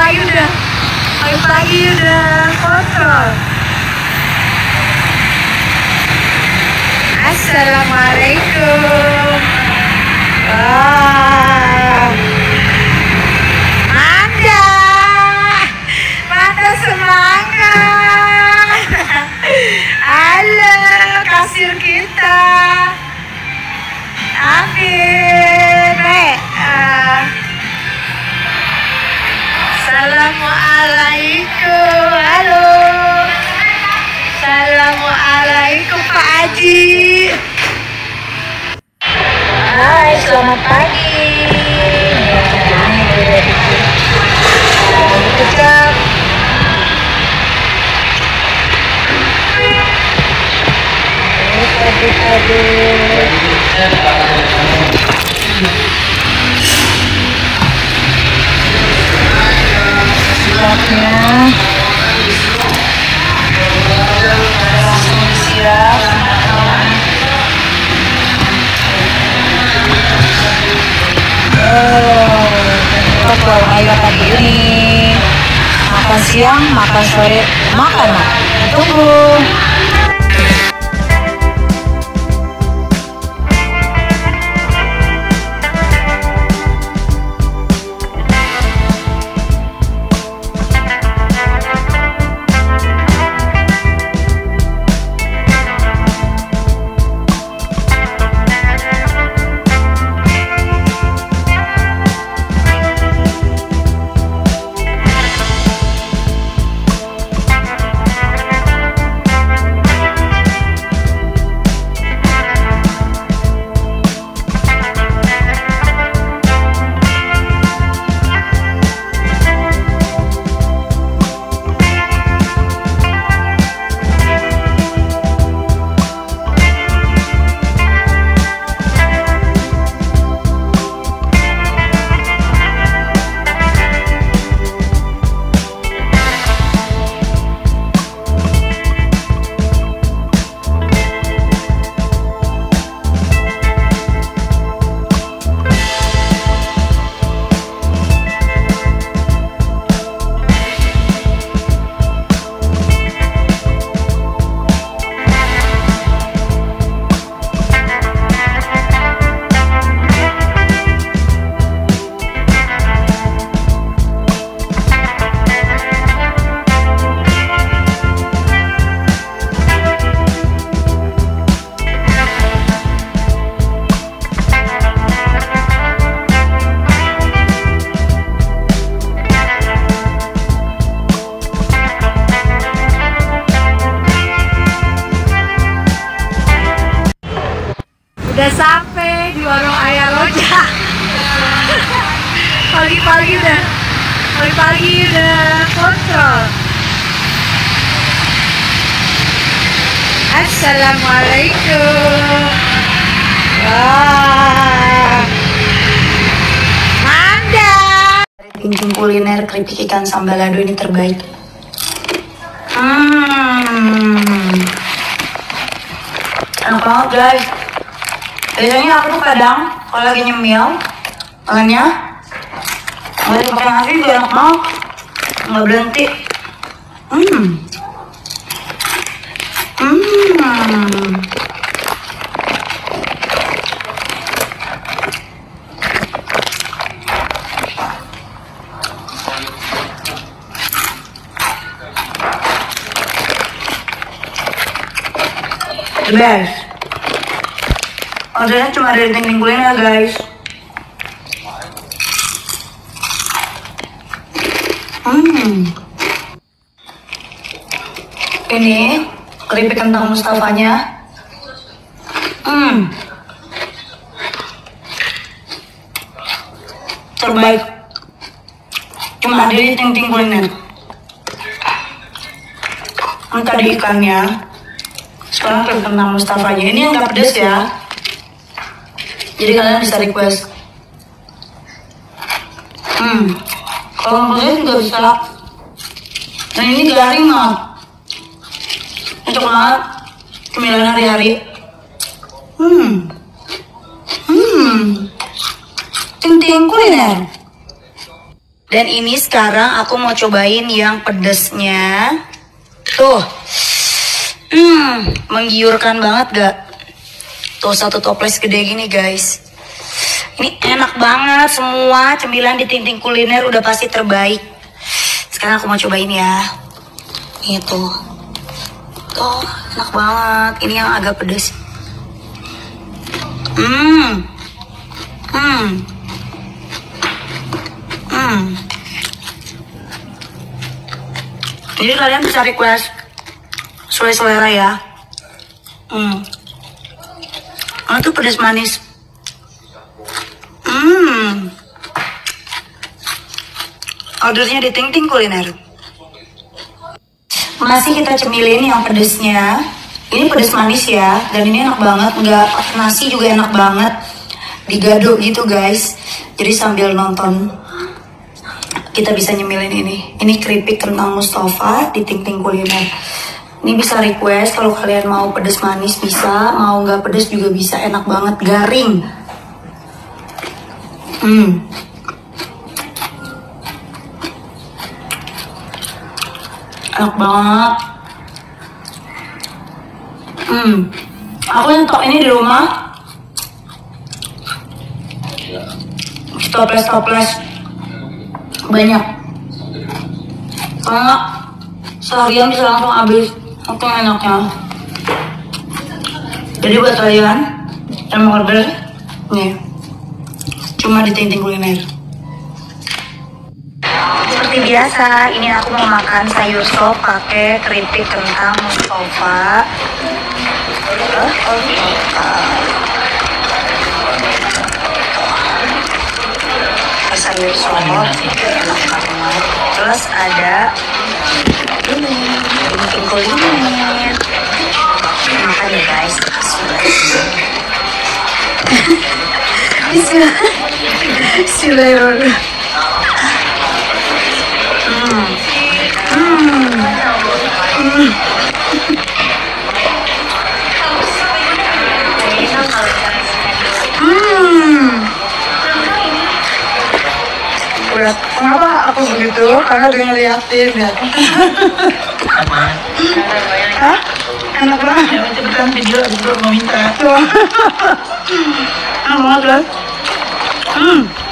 pagi udah pagi pagi udah kontrol. Assalamualaikum Bye. Pak Aji. Hai, selamat pagi. Aduh, aduh. oh, bawa ayo pagi ini makan siang makan sore makan makan tunggu kafe di warung Ayah Roja. Pagi-pagi udah pagi-pagi udah kontrol. Assalamualaikum. Wah. Manda Kunjung kuliner keripik ikan sambal lado ini terbaik. Hmm. Enak banget guys biasanya aku tuh kadang kalau lagi nyemil makannya mulai pakai nasi juga enak banget nggak berhenti hmm hmm best. Ordernya cuma di tingling kuliner ya, guys. Hmm. Ini keripik kentang Mustafanya. Hmm. Terbaik. Cuma di tingling kuliner Ini tadi ikannya sekarang keripik kentang Mustafa aja ini yang gak pedes ya jadi kalian bisa request hmm kalau kalian juga bisa dan ini garing banget untuk banget kemilan hari-hari hmm hmm ting-ting kuliner dan ini sekarang aku mau cobain yang pedesnya tuh hmm menggiurkan banget gak Tuh satu toples gede gini guys. Ini enak banget semua cemilan di tinting kuliner udah pasti terbaik. Sekarang aku mau cobain ya. Itu. Tuh enak banget. Ini yang agak pedes. Hmm. Hmm. Hmm. Jadi kalian bisa request sesuai selera ya. Hmm. Oh, itu pedas manis. Hmm. Ordernya di Ting Ting Kuliner. Masih kita cemilin yang pedasnya. Ini pedas manis ya, dan ini enak banget. Enggak nasi juga enak banget. Digado gitu guys. Jadi sambil nonton kita bisa nyemilin ini. Ini keripik kentang Mustafa di Ting Ting Kuliner. Ini bisa request kalau kalian mau pedas manis bisa, mau nggak pedas juga bisa, enak banget, garing. Hmm. Enak banget. Hmm. Aku nyetok ini di rumah. Toples toples banyak. Karena seharian bisa langsung habis. Oke enaknya. Jadi buat kalian yang mau order, nih, cuma di Tinting Kuliner. Seperti biasa, ini aku mau makan sayur sop pakai keripik kentang sofa sayur sop, Terus ada thank you for that. Nakakali guys. Sila. Sila yun. berat kenapa aku begitu karena dia ngeliatin ya Hah? enak banget ya, cepetan video aku mau minta enak banget hmm